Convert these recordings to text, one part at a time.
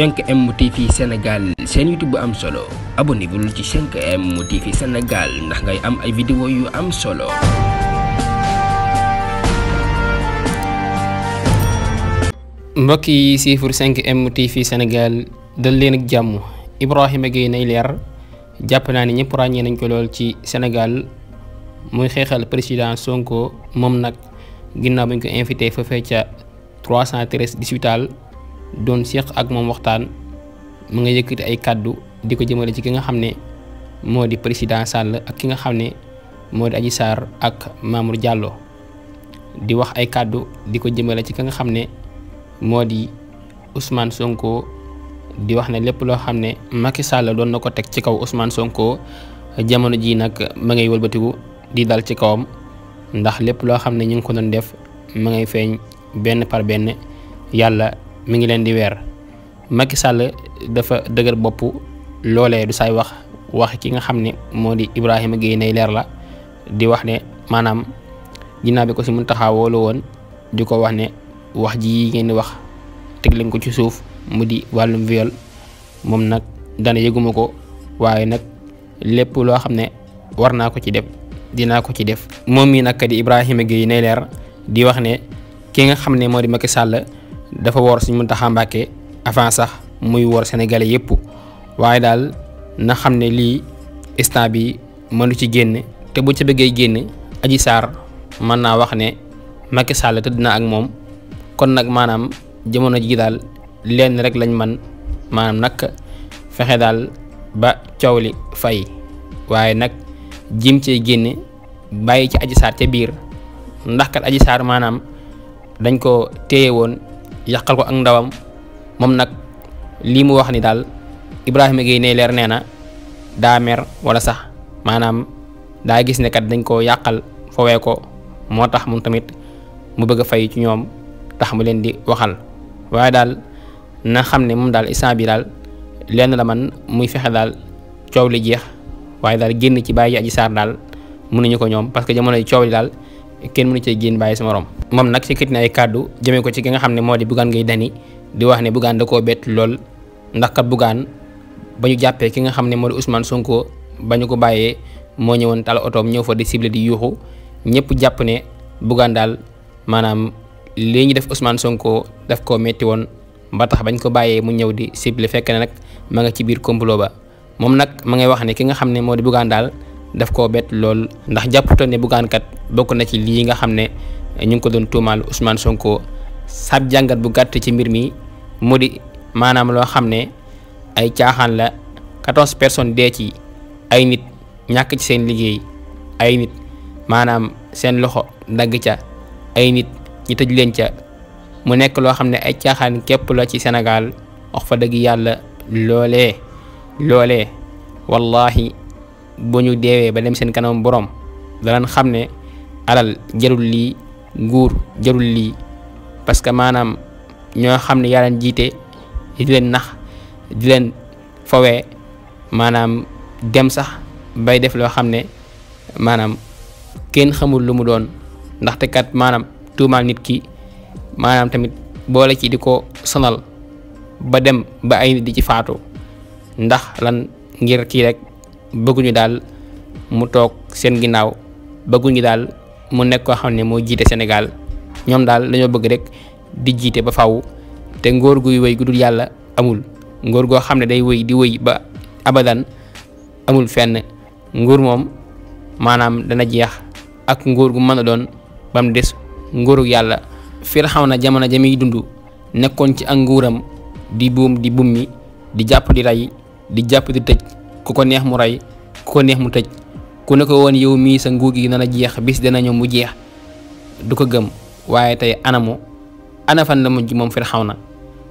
5M TV Sénégal seen YouTube bu am solo abonné bul ci 5M TV Sénégal ndax ngay am ay vidéo yu am solo. mbokk yi siifur 5M TV Sénégal dal leen ak jàmm Ibrahima Gueye nay leer jàpp naa ne ñëpp ràññee nañ ko lool ci Sénégal muy xeexal président Sonko moom nag ginnaaw bi ñu ko invité foofee ca 313 doon séq ak moom waxtaan mu nga yëkkati ay kàddu di ko jëmale ci ki nga xam ne moo di président Sall ak ki nga xam ne moo di Adji Sarr ak Mamour Diallo di wax ay kàddu di ko jëmale ci ki nga xam ne moo di Ousmane Sonko di wax ne lépp loo xam ne Macky Sall doon na ko teg ci kaw usmaan sonkoo jamono ji nag ma ngay wëlbatiku di dal ci kawam ndax lépp loo xam ne ñu ngi ko doon def mu ngay feeñ benn par benn yàlla mi ngi leen di weer Macky Sall dafa dëgër bopp loolee du say wax wax ki nga xam ne moo di Ibrahima Guèye Ney Leer la di wax ne maanaam ginnaaw bi ko si mun taxawoo la woon di ko wax ne wax ji yi ngeen wax teg leen ko ci suuf mu di wàllum viol moom nag dana yëguma ko waaye nag lépp loo xam ne war naa ko ci def dinaa ko ci def moom mii nag di Ibrahima Guèye Ney Leer di wax ne ki nga xam ne moo di Macky Sall dafa woor suñ Muntaxa Mbàkke avant sax muy wor sénégalais yëpp waaye daal na xam ne lii instant bi mënu ci génn te bu ci bëggee génn aji Sarr mën naa wax ne Macky Sall tëdd na ak moom kon nag maanaam jamono ji daal lenn rek lañ man maanaam nag fexe daal ba coow li fay waaye nag jim cee génne bàyyi ci Adji Sarr ca ndax kat Adji Sarr maanaam dañ ko téye yàqal ko ak ndawam moom nag lii mu wax ni daal Ibrahima Gueye ne leer nee na daa mer wala sax maanaam daa gis ne kat dañ koo yàqal fowee ko moo tax moom tamit mu bëgg a fay ci ñoom tax mu leen di waxal waaye daal na xam ne moom daal instant bi daal lenn la man muy fexe daal coow li jeex waaye daal génn ci bàyyi ji aji saar daal mënuñu ko ñoom parce que jamono ji coow li daal kenn mënu cee génn bàyyi sa morom moom nag sikkit na ay kàddu jëmee ko ci ki nga xam ne moo di Bougane ngay Dany di wax ne Bougane da koo bett lool ndax kat Bougane ba ñu jàppee ki nga xam ne moo di Ousmane Sonko ba ñu ko bàyyee moo ñëwoon tal otoom ñëw fa di cible di yuuxu ñëpp jàpp ne Bougane daal maanaam lii ñu def Ousmane Sonko daf koo metti ba tax bañ ko bàyyee mu ñëw di cible fekk na nag maa nga ci biir complot ba moom nag ma ngay wax ne ki nga xam ne moo di Bougane daal def ko bett lool ndax jàpputoon ne Bougane kat bokk na ci lii nga xam ne ñu ngi ko doon tuumaal Ousmane Sonko sab jàngat bu gàtt ci mbir mi mu di maanaam loo xam ne ay caaxaan la quatorze personnes dee ci ay nit ñàkk ci seen liggéey ay nit maanaam seen loxo dagg ca ay nit ñi tëj leen ca mu nekk loo xam ne ay caaxaan képp la ci Sénégal wax fa dëgg yàlla loolee loolee wallahi bu ñu deewee ba dem seen kanam borom danañ xam ne alal jarul lii nguur jarul lii parce que maanaam ñoo xam ne yaa leen jiite di leen nax di leen fawee maanaam dem sax bay def loo xam ne maanaam kenn xamul lu mu doon ndaxte kat maanaam tuumaal nit ki maanaam tamit boole ci di ko sonal ba dem ba ay nit ci faatu ndax lan ngir kii rek bëgguñu daal mu toog seen ginnaaw bëgguñu daal mu nekk koo xam ne moo jiite Sénégal ñoom daal dañoo bëgg rek di jiite ba faw te ngóor guy wéy gu dul yàlla amul ngóor goo xam ne day wéy di wéy ba abadan amul fenn nguur moom maanaam dana jeex ak nguur gu mën a doon ba des nguurug yàlla Firawna jamono ja muy dund nekkoon ci ak nguuram di buum di bummi di jàpp di rey di jàpp di tëj ku ko neex mu rey ku ko neex mu tëj ku ne ko woon yow mii sa nguur gi dana jeex bis dana ñëw mu jeex du ko gëm waaye tey anamu ana fan la mujj moom na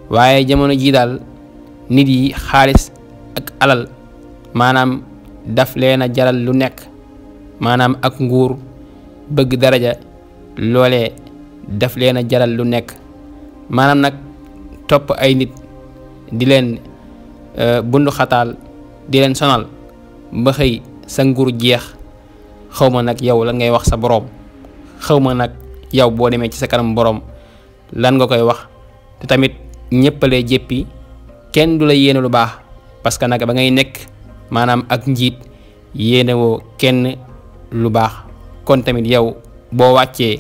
waaye jamono jii daal nit yi xaalis ak alal maanaam daf leen a jaral lu nekk maanaam ak nguur bëgg daraja loolee daf leen jaral lu nekk nag topp ay nit di leen euh, bundu di leen sonal ba xëy sa nguur jeex xaw ma nag yow lan ngay wax sa boroom xaw ma nag yow boo demee ci sa kanam boroom lan nga koy wax te tamit ñëpp lay jéppi kenn du la yéene lu baax parce que nag ba ngay nekk maanaam ak njiit yéene woo kenn lu baax kon tamit yow boo wàccee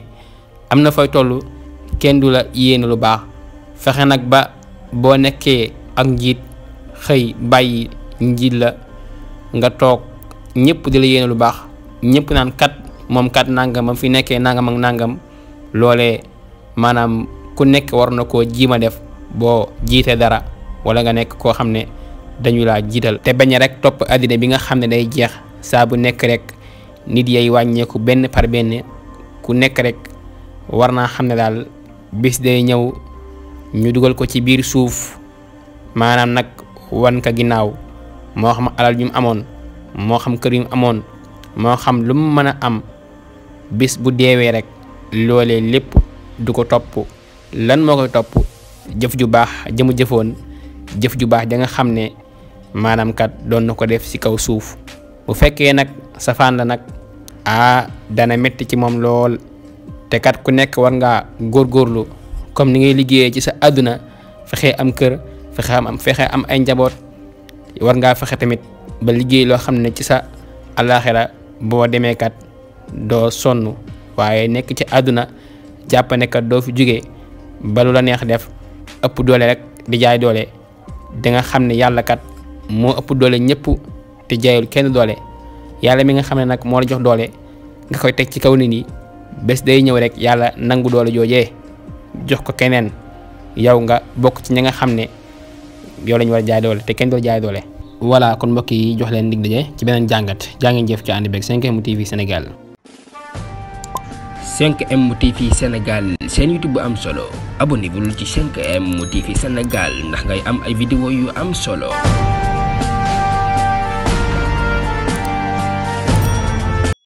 am na fay toll kenn du la yéene lu baax fexe nag ba boo nekkee ak njiit xëy bàyyi njiit la nga toog ñépp di la yéene lu baax ñépp naan kat moom kat nangam ba fi nekkee nangam ak nangam loole maanaam ku nekk war na koo jiima def boo jiitee dara wala nga nekk koo xam ne dañu laa jiital. te bañ rek topp àddina bi nga xam ne day jeex saa bu nekk rek nit yay wàññeeku benn par benn ku nekk rek war naa xam ne daal bis day ñëw ñu dugal ko ci biir suuf maanaam nag wan ka ginnaaw. moo xam alal yu mu amoon moo xam kër yu mu amoon moo xam lu mu mën a am bis bu deewee rek loolee lépp du ko topp lan moo ko topp jëf ju baax jëmu jëfoon jëf ju baax ja nga xam ne maanaam kat doon na ko def ci kaw suuf bu fekkee nag safaan la nag aa ah, dana métti ci moom lool te kat ku nekk war ngaa góorgóorlu comme ni ngay liggéeyee ci sa àdduna fexee am kër fexe am fexe am ay njaboot war ngaa fexe tamit ba liggéey loo xam ne ci sa alaxira boo demee kat doo sonn waaye nekk ci àdduna jàpp ne kat doo fi jóge ba lu la neex def ëpp doole rek di jaay doole di nga xam ne yàlla kat moo ëpp doole ñëpp te jaayul kenn doole yàlla mi nga xam ne nag moo la jox doole nga koy teg ci kaw nit ñi bés day ñëw rek yàlla nangu doole joojee jox ko keneen yow nga bokk ci ñi nga xam ne. yow lañ war a jaay doole te kenn doo jaay doole voilà kon mbokk yi jox leen dig daje ci beneen jàngat jàngeen jëf ci ànd beeg 5M TV Sénégal 5M TV seen YouTube bu am solo abonné wul ci 5M TV Sénégal ndax ngay am ay vidéo yu am solo